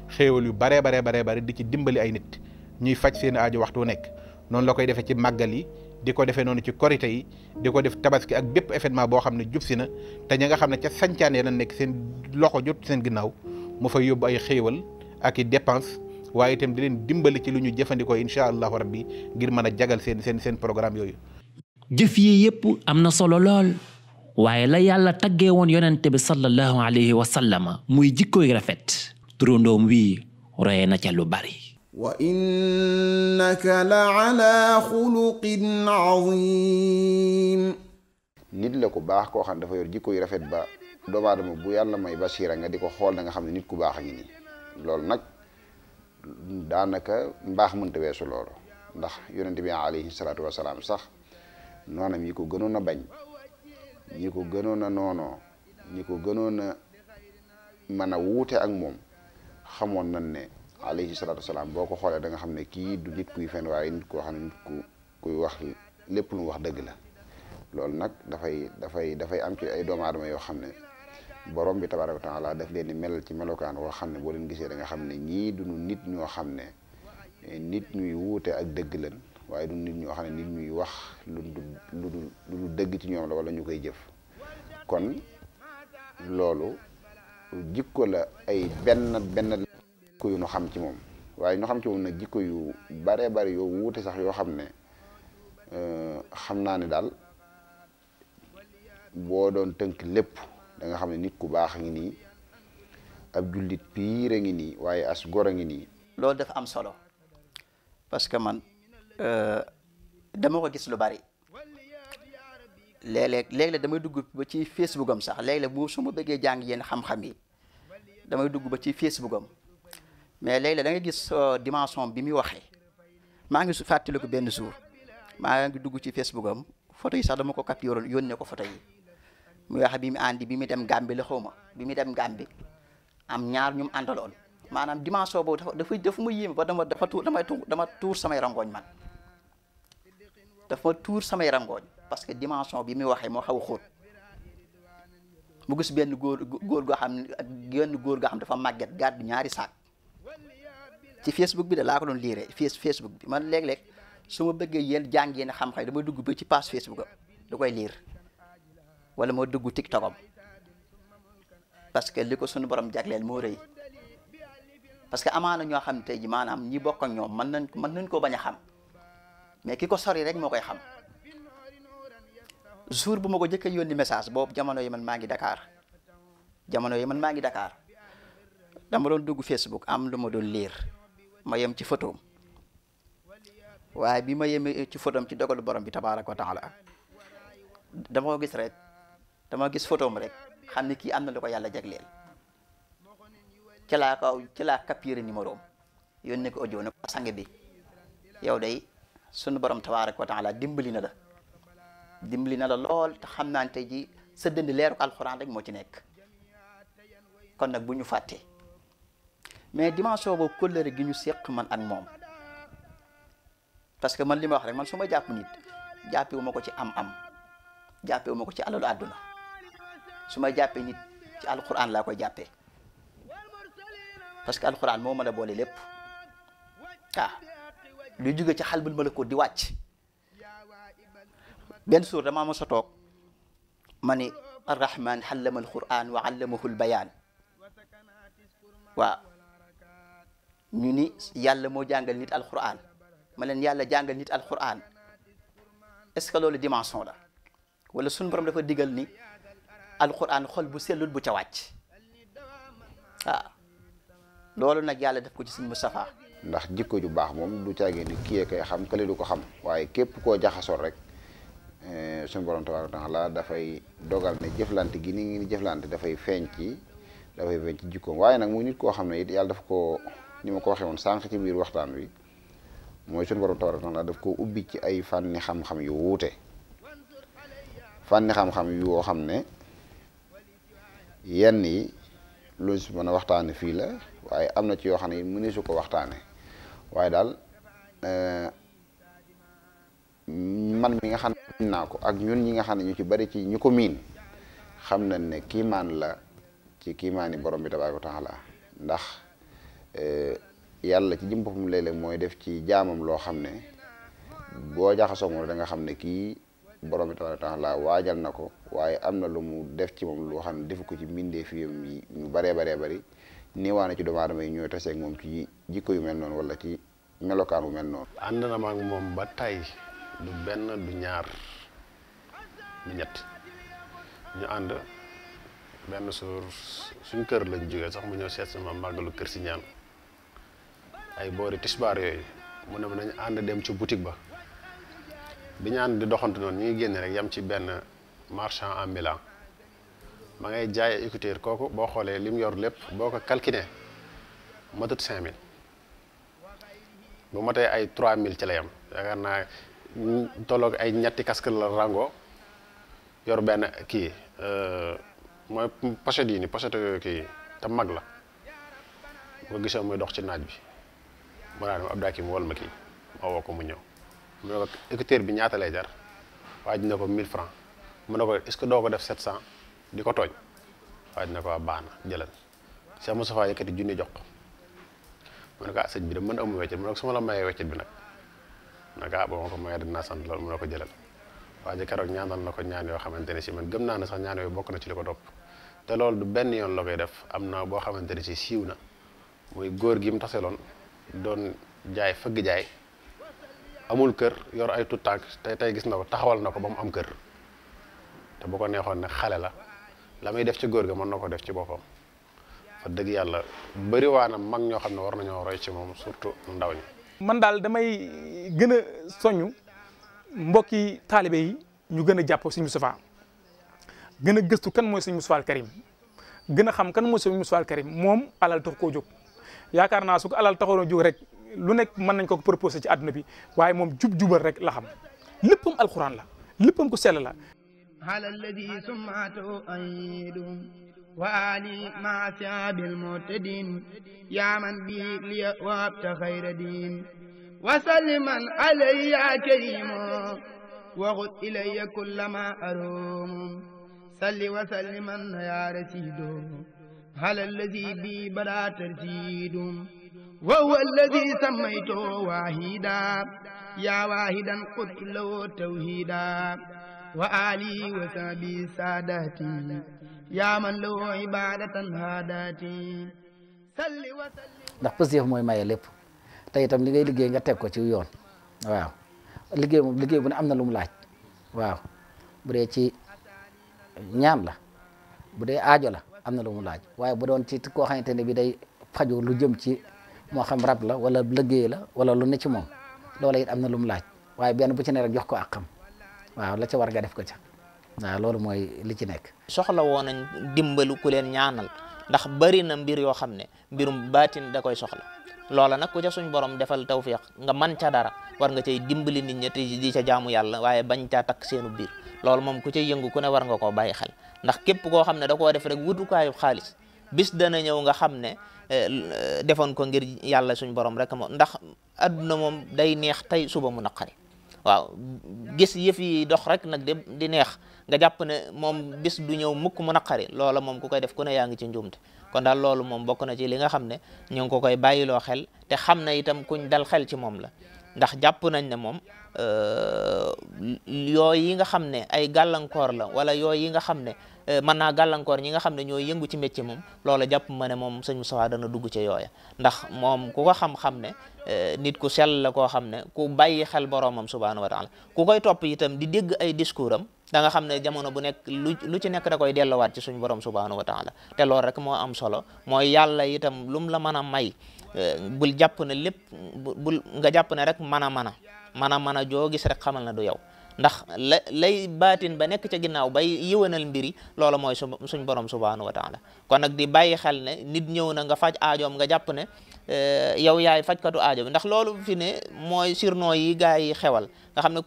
xéewal yu baree baree baree bari di ci dimbali ay nit ñuy faj seen aajo waxtu nekk noonu la koy defee ci màggal yi di ko defee noonu ci korité yi di ko def tabaski ak bépp événement boo xam ne jub si na te ña nga xam ne ca sancaane la nekk seen loxo jot seen ginnaaw moo fa yóbbu ay xéewal ak i dépense waaye itam di leen dimbali ci lu ñu jëfandikoo incha allahu rabbi ngir mën a jagal seen seen seen programme yooyu. jëf yi yépp am na solo lool waaye la yàlla taggee woon yonente bi sallallahu alayhi wa sallama muy jikkooy rafet turandoom wi roye na ca lu bari. وإنك لعلى خلق عظيم nit la ku baax koo xam dafa yor jikko yu rafet ba doomu aadama bu yàlla may basiira nga di ko xool da nga xam ne nit ku baax a ngi nii loolu nag daanaka mbaax mënta weesu loolu ndax yonente bi alayhi salaatu wasalaam sax noonam yi ko gënoon a bañ ñi ko gënoon a noonoo ñi ko gënoon a mën a wuute ak moom xamoon nañ ne alayhi salaatu salaam boo ko xoolee danga xam ne kii du nit kuy fen waaye nit koo xam ne nit ku kuy wax lépp lu mu wax dëgg la loolu nag dafay dafay dafay am ci ay doomu aadama yoo xam ne borom bi tabaaraka wa taala daf leen di melal ci melokaan woo xam ne boo leen gisee da xam ne ñii duñu nit ñoo xam ne eh, nit ñuy wuute ak dëgg lan waaye du nit ñoo xam ne nit ñuy wax lu lu dëgg ci ñoom la wala ñu koy jëf kon loolu jikko la ay benn benn jikko yu nu xam ci moom waaye ñu xam ci moom nag jikko yu baree bari yoo wuute sax yoo xam ne euh, xam naa ne daal boo doon tënk lépp danga xam ne nit ku baax a ngi nii ab jullit piir a ngi nii waaye as gor a ngi nii. loolu dafa am solo parce que man euh, dama ko gis lu bari léeg-léeg léeg damay dugg ba ci Facebook am sax léeg-léeg bu su ma bëggee jàng yéen xam-xam yi damay dugg ba ci Facebook am. mais léegi da nga gis euh, dimension bi muy waxee maa ngi fàttaliku benn jour maa ngi dugg ci Facebook am photo yi sax dama ko capté yoroon yónnee ko photo yi muy wax bi mi àndi bi mu dem Gàmbi la xaw ma bi mu dem Gàmbi am ñaar ñu mu àndaloon maanaam dimension boobu dafa dafa dafa ma yéeme ba dama dafa tuur damay dama tuur samay rangooñ man dafa tuur samay rangooñ parce que dimension bi muy waxee moo xaw a xóot mu gis benn góor góor goo xam ne ak genn góor goo xam dafa màgget gàddu ñaari saak. ci Facebook bi de laa ko doon liire face Facebook bi man léeg-léeg su ma bëggee yéen jàng yéen xam-xam damay dugg ba ci page Facebook am da koy liir wala moo dugg TikTok am parce que li ko sunu borom jagleel moo rëy parce que amaana ñoo xam tey ji maanaam ñii bokk ñoom mën nañ mën nañ koo bañ a xam mais ki ko sori rek moo koy xam jour bu ma ko jëkk a yónni message boobu jamono yi man maa ngi Dakar jamono yi man maa ngi Dakar. dama doon dugg Facebook am lu ma doon liir ma yem ci photoom waaye bi ma yemee ci photoom ci dogalu borom bi tabaaraka wa taala dama ko gis rek dama gis photoom rek xam ne kii am na lu ko yàlla jagleel ci laa kaw ci laa capturé numéro am yónnee ko bi yow day sunu borom tabaaraka wa taala dimbali na la dimbali na la lool te xam naa ne tey sa dënd leeru alxuraan rek moo ci nekk kon na bu ñu fàtte. mais dimension boobu kóllëre gi ñu seq man ak moom parce que man li ma wax rek man su ma jàpp nit jàppewu ma ko ci am-am jàppewu ma ko ci alalu àdduna su ma jàppee nit ci alquran laa koy jàppee parce que alquran moo mën a boole lépp ah lu jóge ci xalbul ko di wàcc benn suur damaa mos a toog ma ni arrahman xallama alquran wa allamahu albayaan ñu ni yàlla moo jàngal nit alquran ma leen yàlla jàngal nit alquran est-ce que loolu dimension la wala suñu borom dafa digal ni alquran xol bu sellul bu ca wàcc nag yàlla def ko ci suñ Moustapha ndax jikko ju baax moom du caagee ni kiyee koy xam kële du ko xam waaye képp koo jaxasoo rek eh, suñu borom tabaaraka taala dafay dogal ne jëflante gi ni ngi jëflante dafay feeñ ci dafay feeñ ci jikkoom waaye nag muy nit koo xam ne it yàlla daf ko ni ma ko waxee woon sànq ci biir waxtaan wi mooy suñu borom tabaaraka taala def koo ubbi ci ay fànni xam-xam yu wuute fànni xam-xam yu woo xam ne yenn yi luñ si mën a waxtaane fii la waaye am na ci yoo xam ne mënee su ko waxtaane waaye daal eh, man mi nga xam naa ko ak ñun ñi nga xam ne ñu ci bari ci ñu ko miin xam nañ ne kiimaan la ci kiimaani borom bi tabaaraka taala ndax Eh, yàlla ci jëm boppam léeg-léeg mooy def ci jaamam loo xam ne boo jaxasoo moom danga xam ne kii borom bi tabaaraka taala waajal na ko waaye am na lu mu def ci moom loo xam ne defu ko ci mbindeef yi ñu baree baree bari nii waane ci doomu aadama yi ñooy taseeg moom ci jikko yu mel noonu wala ci melokaan wu mel noon ànd na ma ak moom ba tey du benn du ñaar du ñett ñu ànd benn suur suñ kër lañ jógee sax mu ñëw seet sama lu kër si ñaan. ay boori tisbaar yooyu mu ne ma nañ ànd dem ci boutique ba bi ñu ànd di doxantu noonu ñu ngi génn rek yam ci benn en milan ma ngay jaay écouteur kooku boo xoolee lim yor lépp boo ko calculé matut 5000 bu matee ay 3000 ci la yam yaakaar naa tolloog ay ñetti casque la rango yor benn kii euh, mooy pochette yi ni pochette yooyu kii te mag la boo gisee muy dox ci naaj bi ma naa dem Abdou Hakim wol ma kii ma woo ko mu ñëw mu ne ko écouteur bi ñaata lay jar waa na ko 1000 francs mu ne ko est-ce que doo ko def 700 di ko tooñ waaj na ko waa baax na jëlal Cheikh Moustapha yëkkati junni jox ko mu ne ko ah sëñ bi de mën amu weccet mu ne ko su ma la mayee weccet bi nag mu ne ko ah boo ma ko mayee dinaa sant loolu mu ne ko jëlal waa ji keroog ñaanal na ko ñaan yoo xamante ne si man gëm naa ne sax ñaan yooyu bokk na ci li ko topp te loolu du benn yoon la koy def am na boo xamante ne si siiw na muy góor gi mu taseloon doon jaay fëgg jaay amul kër yor ay tout tànk tey tey gis na ko taxawal na ko ba mu am kër te bu ko neexoon ne xale la la muy def ci góor ga mën na ko def ci boppam fa dëgg yàlla bari waa na mag ñoo xam ne war nañoo roy ci moom surtout ndaw ñi. man daal damay gën a soññ mbokki taalibe yi ñu gën a jàpp Sëñ Moustapha gën a gëstu kan mooy Sëñ Moustapha al Karim gën a xam kan mooy Sëñ Moustapha al Karim moom alal tax koo jóg. yaakaar naa su ko alal taxoon a jóg rek lu nekk mën nañ ko proposé ci àdduna bi waaye moom jub jubal rek la xam léppam alxuraan la léppam ku sell la ala alladi sumatu aidu wa ali ma saabil muhtadin yaa man bi liya waabta xayra din wa salliman alayya karimo waxud ilayya kullama arum salli wa salliman ya rasido على الذي بي بدا ترشيد وهو الذي سميته واحدا يا واحدا قلت له توحيدا وآلي وصحبي ساداتي يا من له عبادة هاداتي صلي وسلم ndax pësiyëf mooy maye lépp li ngay liggéey nga teg ko ci yoon liggéey bu am na lu laaj waaw bu dee ci ñaan la bu dee aajo la am na lu mu laaj waaye bu doon ci koo xamante ne bi day faju lu jëm ci moo xam rab la wala liggéey la wala lu ne ci moom loola it am na lu mu laaj waaye benn bu ci ne rek jox ko àqam waaw la ca war nga def ko ca loolu mooy li ci nekk. soxla woon nañ dimbalu ku leen ñaanal ndax bari na mbir yoo xam ne mbirum baatin da koy soxla loola nag ku ca suñ borom defal tawfiq nga man ca dara war nga cay dimbali nit ñi te di ca jaamu yàlla waaye bañ caa takk seenu biir loolu moom ku cay yëngu ku ne war nga koo bàyyi xel. ndax képp koo xam ne da koo def rek wutukaayu xaalis bis dana ñëw nga xam ne eh, defoon ko ngir yàlla suñ borom rek moom ndax aduna moom day neex tey suba mu naqari waaw gis yëf yi dox rek nag di neex nga jàpp ne moom bis du ñëw mukk mu naqari loola moom ku koy def ku ne yaa ngi ci njuumte kon daal loolu moom bokk na ci li nga xam ne ñu ngi ko koy bàyyiloo xel te xam na itam kuñ dal xel ci moom la ndax jàpp nañ ne moom eh, yooyu yi nga xam ne ay gàllankoor la wala yooyu yi nga xam ne Euh, mën naa gàllankoor ñi nga xam ne ñooy yëngu ci métier moom loola jàpp ma ne moom sëñ Moustapha dana dugg ca yooya ndax moom ku ko xam-xam ne euh, nit ku sell la koo xam ne ku bàyyi xel boroomam subhaanahu wa ku koy topp itam di dégg ay discours am da nga xam ne jamono bu nekk lu lu ci nekk da koy delluwaat ci suñu borom subhaanahu wa taala te loolu rek moo am solo mooy yàlla itam lum la mën a may euh, bul jàpp na lépp bul nga jàpp ne rek mën a mën a mën a mën a joo gis rek xamal na du yow ndax la lay baatin ba nekk ca ginnaaw bay yiwanal mbiri loola mooy suñ borom subhanahu wa taala kon nag di bàyyi xel ne nit ñëw na nga faj aajoom nga jàpp ne Eh, yow yaay fajkatu aajo bi ndax loolu fi ne mooy surnom yi gars yi xewal nga xam ne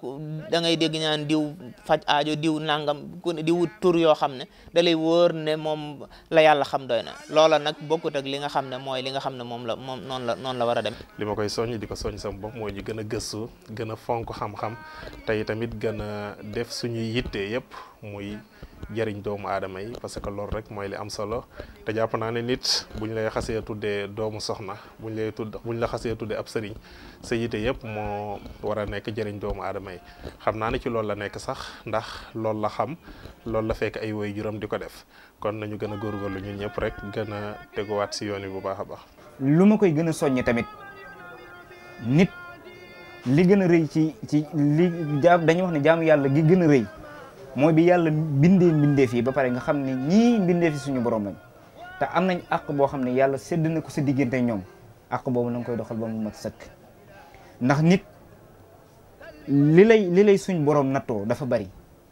da ngay dégg ñaan diw faj aajo diw nangam diw tur yoo xam ne da lay wóor ne moom la yàlla xam doy na loola nag bokkut ak li nga xam ne mooy li nga xam ne moom la moom noonu la noonu la war a dem li ma koy soññ di ko soññ sama bopp mooy ñu gën a gëstu gën a fonk xam-xam tey tamit gën a def suñuy yitte yëpp muy jëriñ doomu aadama yi parce que loolu rek mooy li am solo te jàpp naa ne nit bu ñu lay xasee tuddee doomu soxna bu ñu lay tudd buñ la xasee tuddee ab sëriñ sa yite yëpp moo war a nekk jëriñ doomu aadama yi xam naa ne ci loolu la nekk sax ndax loolu la xam loolu la fekk ay woy juróom di ko def kon nañu gën a lu ñun ñëpp rek gën a teguwaat si yoon wi bu baax a baax. lu ma koy gën a soññi tamit nit li gën a rëy ci ci li jaam dañuy wax ne jaamu yàlla gi gën a rëy. mooy bi yàlla bindee mbindeef yi ba pare nga xam ne ñii mbindee fi suñu borom lañ te am nañ àq boo xam ne yàlla sedd na ko sa diggante ñoom àq boobu na koy doxal ba mu mat sëkk ndax nit li lay li lay suñ borom nattoo dafa bari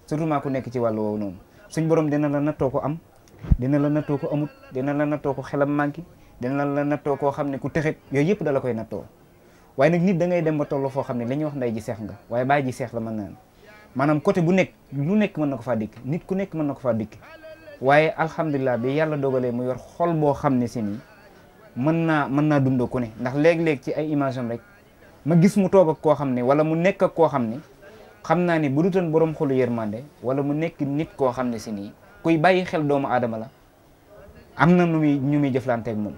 surtout ku nekk ci wàllu woowu noonu suñ borom dina la nattoo ko am dina la nattoo ko amut dina la nattoo ko xelam manqué dina la nattoo koo xam ne ku texit yooyu yëpp dala koy nattoo waaye nag nit da dem ba tollu foo xam ne li wax nday ji seex nga waaye bàyyi ji seex la mën naan maanaam côté bu nekk lu nekk mën na ko faa dikk nit ku nekk mën na ko faa dikk waaye alhamdulilah bi yàlla dogalee mu yor xol boo xam ne si nii mën naa mën naa dundoo ko ne ndax léeg-léeg ci ay image rek ma gis mu toog ak koo xam ne wala mu nekk ak koo xam ne xam naa ni bu dutoon borom xolu yërmande wala mu nekk nit koo xam ne si nii kuy bàyyi xel doomu aadama la am na nu muy ñu muy jëflanteeg moom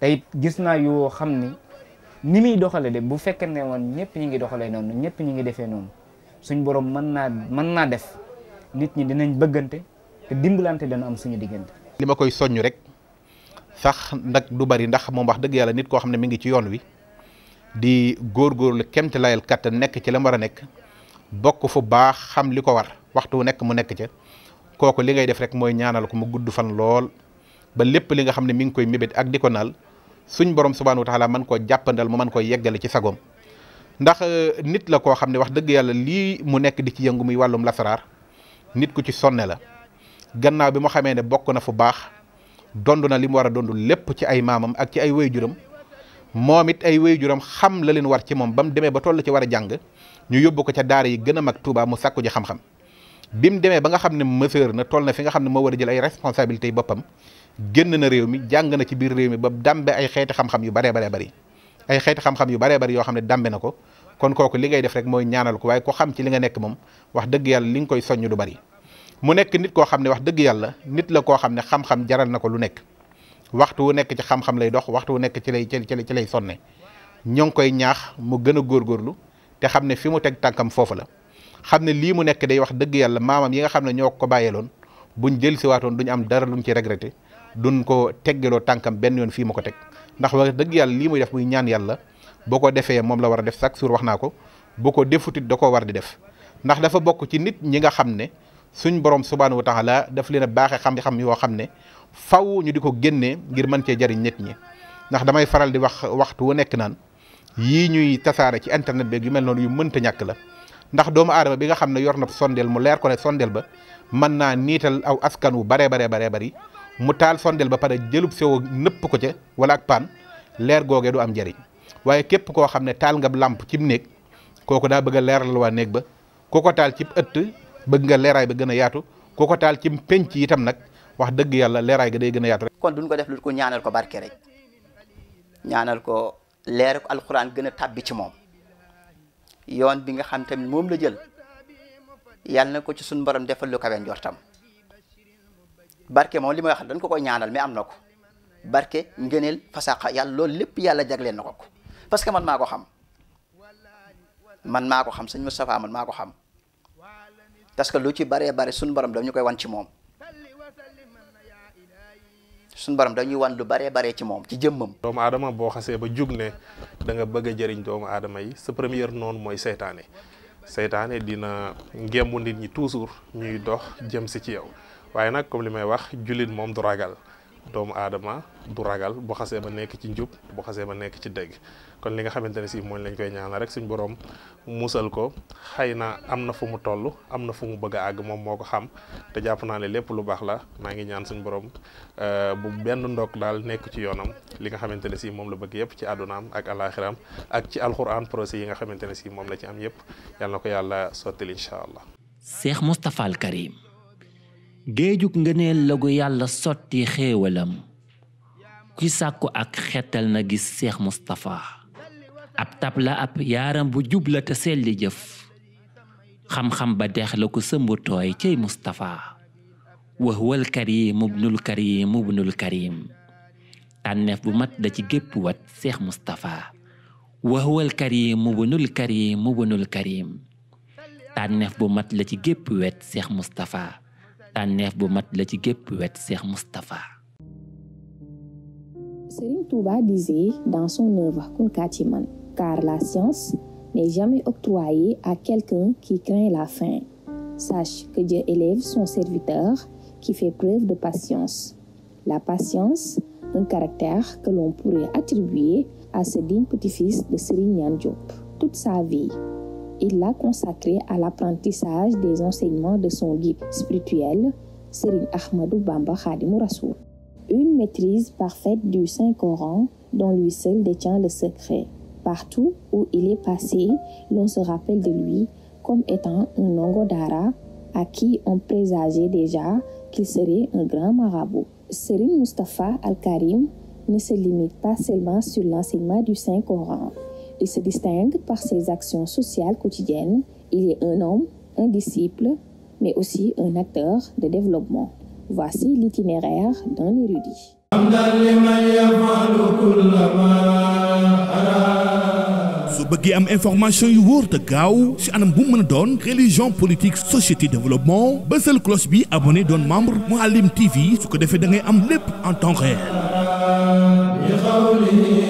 tey gis naa yoo xam ni ni muy doxale de bu fekkee woon ñëpp ñu ngi doxalee noonu ñëpp ñu ngi defee noonu suñ borom mën naa mën naa def nit ñi dinañ bëggante te dimbalante dana am suñu diggante. li ma koy soññ rek sax nag du bari ndax moom wax dëgg yàlla nit koo xam ne mu ngi ci yoon wi di góor góorgóorlu kemt layal kattan nekk ci la mu war a nekk bokk fu baax xam li ko war waxtu wu nekk mu nekk ca kooku li ngay def rek mooy ñaanal ko mu gudd fan lool ba lépp li nga xam ne mu ngi koy mébét ak di ko naal suñ borom subhaanahu wa taala mën koo jàppandal mu mën koo yeggale ci sagoom ndax euh, nit la koo xam ne wax dëgg yàlla lii mu nekk di ci yëngu muy wàllum lasaraar nit ku ci sonne la gannaaw bi mu xamee ne bokk na fu baax dond na li mu war a dond lépp ci ay maamam ak ci ay wéyjuram moom it ay wéyjuram xam la leen war ci moom ba mu demee ba toll ci war a jàng ñu yóbbu ko ca daara yi gën a mu sàkku ji xam-xam mu demee ba nga xam ne mesure na toll na fi nga xam ne moo war a jël ay responsabilités yi boppam génn na réew mi jàng na ci biir réew mi ba dàmbe ay xeeti xam-xam yu baree baree bari ay xeeti xam yu baree bari yoo xam ne dambe na ko kon kooku li ngay def rek mooy ñaanal ko waaye ko xam ci li nga nekk moom wax dëgg yàlla li nga koy soññ du bari mu nekk nit koo xam ne wax dëgg yàlla nit la koo xam ne xam jaral na ko lu nekk waxtu wu nekk ci xam lay dox waxtu wu nekk ci lay ci ci lay sonne ñoo ngi koy ñaax mu gën a góorgóorlu te xam ne fi mu teg tànkam foofu la xam ne lii mu nekk day wax dëgg yàlla maamam yi nga xam ne ñoo ko bàyyee bàyyeeloon buñ jël si waatoon duñ am dara luñ ci regretté duñ ko teggeloo tànkam benn yoon fii mu ko teg ndax wax dëgg yàlla lii muy def muy ñaan yàlla boo ko defee moom la war a def chaque jour wax naa ko bu ko defutit da ko war di def ndax dafa bokk ci nit ñi nga xam ne suñ borom subhaanahu wu taala daf leen a baaxee xam-xam yoo xam ne faw ñu di ko génnee ngir mën cee jariñ nit ñi ndax damay faral di wax waxtu wu nekk naan yii ñuy tasaare ci internet beeg yu mel noonu yu mënta ñàkk la ndax doomu aadama bi nga xam ne yor na sondeel mu leer ko ne sondeel ba mën naa niital aw askan wu baree baree baree bari mu taal sondeel ba pare jëlub sewo nëpp ko ca wala ak paan leer googee du am njariñ waaye képp koo xam ne taal nga làmp cib néeg kooku daa bëgg a leeral waa néeg ba ku taal cib ëtt bëgg nga leeraay ba gën a yaatu ku taal cim penc itam nag wax dëgg yàlla leeraay ga day gën a yaatu rek. kon duñ ko def lu ko ñaanal ko barke rek ñaanal ko leer ko alxuraan gën a tàbbi ci moom yoon bi nga xam tamit moom la jël yàlla na ko ci suñu borom defal lu kawe njortam barke moom li may wax dañ ko koy ñaanal mais am na ko barke ngëneel fasaxa yàlla loolu lépp yàlla jagleel na ko ko parce que man maa ko xam man maa ko xam sëñ Moustapha man maa ko xam parce que lu ci baree bare suñ borom dañu koy wan ci moom suñu borom dañuy wan lu baree baree ci moom ci jëmmam. doomu aadama boo xasee ba jug ne da nga bëgg jëriñ doomu aadama yi sa première noonu mooy seytaane seytaane dina ngemb nit ñi toujours ñuy dox jëm si ci yow waaye nag comme li may wax jullit moom du ragal. doomu aadama du ragal bu xasee ba nekk ci njub bu xasee ba nekk ci dégg kon li nga xamante ne sii mooy lañ koy ñaanal rek suñ borom musal ko xëy na am na fu mu toll am na fu mu bëgg a àgg moom moo ko xam te jàpp naa ne lépp lu baax la maa ngi ñaan suñ borom euh, bu benn ndokk daal nekk ci yoonam li nga xamante ne si moom la bëgg yëpp ci àddunaam ak alaxiraam ak ci alxuraan procès yi nga xamante ne sii moom la ci am yëpp yal na ko yàlla sottil incha allah. Cheikh Moustapha géejug ngëneel la yàlla sotti xéewalam kuy sàkku ak xetal na gis seex Mustapha ab tab la ab yaaram bu jubla te selli jëf xam-xam ba dex la ko sëmbu tooy cey Mustapha waxwal karim mubnul karim mubnul karim tànneef bu mat da ci gépp wat seex Mustapha waxwal karim mubnul karim mubnul karim tànneef bu mat la ci gépp wet seex Mustapha tànneef bu mat la ci gépp wet Cheikh Moustapha. Serigne Touba disait dans son œuvre Kun Katiman, car la science n'est jamais octroyée à quelqu'un qui craint la faim. Sache que Dieu élève son serviteur qui fait preuve de patience. La patience, un caractère que l'on pourrait attribuer à ce digne petit-fils de Serigne Niane toute sa vie. il l'a consacré à l'apprentissage des enseignements de son guide spirituel, Serine Ahmadou Bamba Khadimou Rassoul. Une maîtrise parfaite du Saint-Coran dont lui seul détient le secret. Partout où il est passé, l'on se rappelle de lui comme étant un Ongodara à qui on présageait déjà qu'il serait un grand marabout. Serine Mustapha Al-Karim ne se limite pas seulement sur l'enseignement du Saint-Coran. Il se distingue par ses actions sociales quotidiennes. Il est un homme, un disciple, mais aussi un acteur de d'un érudit. su bëggee am information yu wóor te gaaw si anam bu mu mën a doon religion politique société développement bësal cloche bi abonné doon membre Mouhalim TV su ko defee da ngay am lépp en temps